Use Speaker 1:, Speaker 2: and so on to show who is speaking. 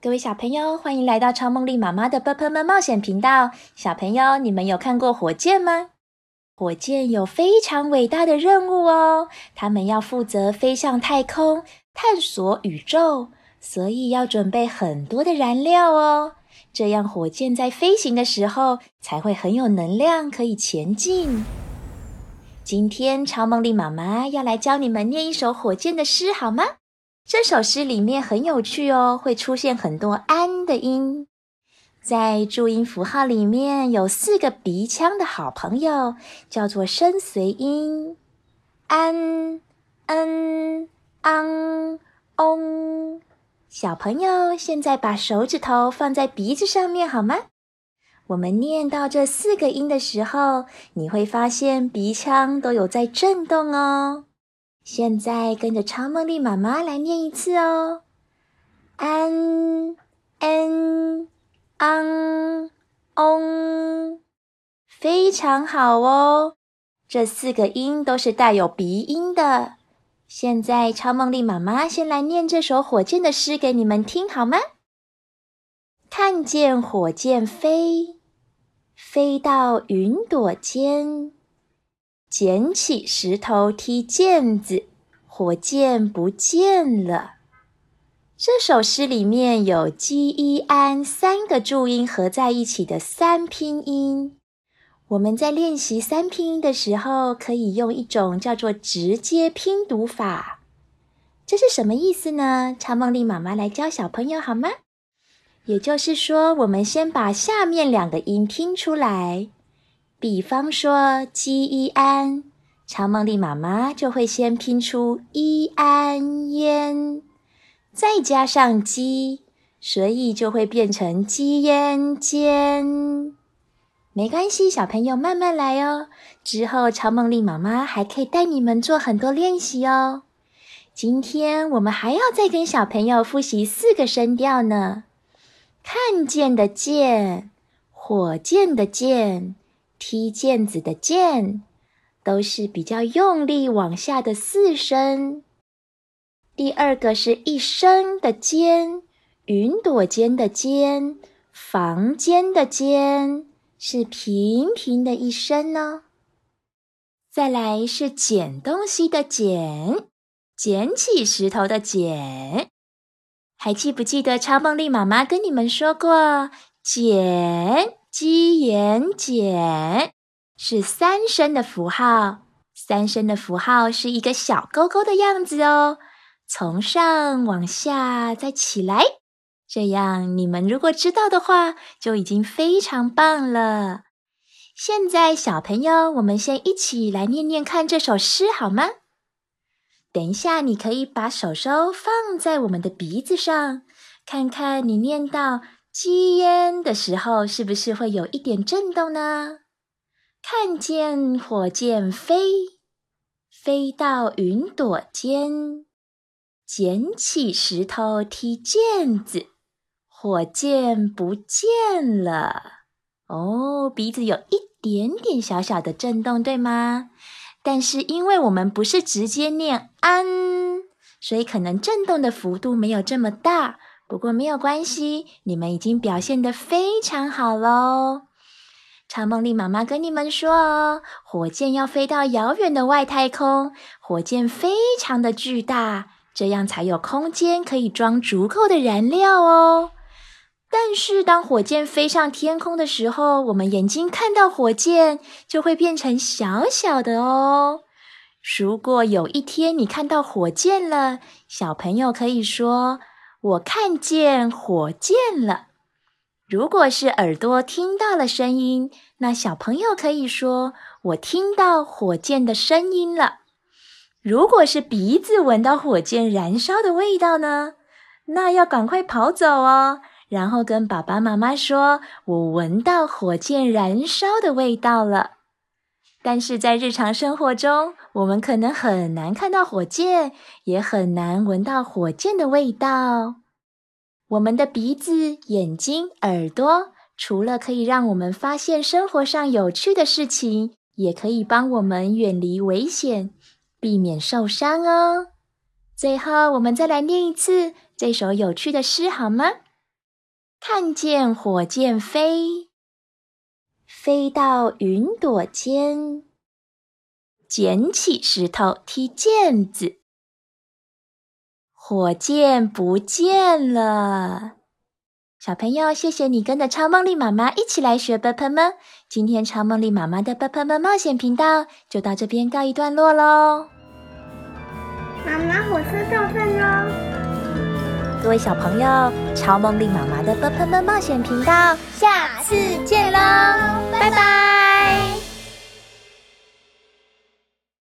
Speaker 1: 各位小朋友，歡迎來到超夢莉媽媽的《寶貝們冒險》頻道。小朋友，你們有看過火箭嗎？火箭有非常偉大的任務哦，他們要負責飛向太空，探索宇宙，所以要準備很多的燃料哦，這樣火箭在飛行的時候才會很有能量，可以前進。今天超夢莉媽媽要來教你們念一首火箭的詩，好嗎？這首詩裡面很有趣哦，會出現很多安的音，在注音符號裡面有四個鼻腔的好朋友，叫做聲隨音：安、恩、昂、翁。小朋友，現在把手指頭放在鼻子上面好嗎？我們念到這四個音的時候，你會發現鼻腔都有在震動哦。現在跟着超夢莉媽媽來念一次哦，ㄢ、ㄣ、ㄤ、ㄥ。非常好哦，這四個音都是帶有鼻音的。現在超夢莉媽媽先來念這首火箭的詩給你們聽，好嗎？看見火箭飛，飛到雲朵間。撿起石頭踢毽子，火箭不見了。這首詩裡面有 “ㄐㄧㄢ” 三個注音合在一起的三拼音。我們在練習三拼音的時候，可以用一種叫做直接拼讀法。這是什麼意思呢？超夢莉媽媽來教小朋友好嗎？也就是說，我們先把下面兩個音拼出來。比方說“雞一安”，超夢莉媽媽就會先拼出“一安煙”，再加上“雞”，所以就會變成“雞煙尖”。沒關係，小朋友慢慢來哦。之後超夢莉媽媽還可以帶你們做很多練習哦。今天我們還要再跟小朋友複習四個聲調呢：看見的“見”，火箭的見“箭”。踢毽子的“毽”都是比較用力往下的四聲。第二個是一聲的“間”，雲朵間的“間”，房間的“間”是平平的一聲呢、哦。再來是撿東西的“撿”，撿起石頭的“撿”，還記不記得超夢莉媽媽跟你們說過“撿”？ㄐㄧ ㄧㄢ ㄐㄧㄢ 是三聲的符號，三聲的符號是一個小勾勾的樣子哦，從上往下再起來，這樣你們如果知道的話，就已經非常棒了。現在小朋友，我們先一起來念念看這首詩好嗎？等一下，你可以把手手放在我們的鼻子上，看看你念到。吸煙的時候是不是會有一點震動呢？看見火箭飛，飛到雲朵間，撿起石頭踢毽子，火箭不見了。哦，鼻子有一點點小小的震動，對嗎？但是因為我們不是直接念“安”，所以可能震動的幅度沒有這麼大。不過沒有關係，你們已經表現得非常好嘍。超夢莉媽媽跟你們說哦，火箭要飛到遙遠的外太空，火箭非常的巨大，這樣才有空間可以裝足夠的燃料哦。但是當火箭飛上天空的時候，我們眼睛看到火箭就會變成小小的哦。如果有一天你看到火箭了，小朋友可以說，我看見火箭了。如果是耳朵聽到了聲音，那小朋友可以說：“我聽到火箭的聲音了。”如果是鼻子聞到火箭燃燒的味道呢？那要趕快跑走哦，然後跟爸爸媽媽說：“我聞到火箭燃燒的味道了。”但是在日常生活中，我們可能很難看到火箭，也很難聞到火箭的味道。我們的鼻子、眼睛、耳朵，除了可以讓我們發現生活上有趣的事情，也可以幫我們遠離危險，避免受傷哦。最後，我們再來念一次這首有趣的詩，好嗎？看見火箭飛，飛到雲朵間。撿起石頭踢毽子，火箭不見了。小朋友，謝謝你跟着超夢莉媽媽一起來學蹦蹦們。今天超夢莉媽媽的蹦蹦們冒險頻道就到這邊告一段落嘍。媽媽，火車到站嘍！各位小朋友，超夢莉媽媽的蹦蹦們冒險頻道下次見嘍，拜拜。拜拜。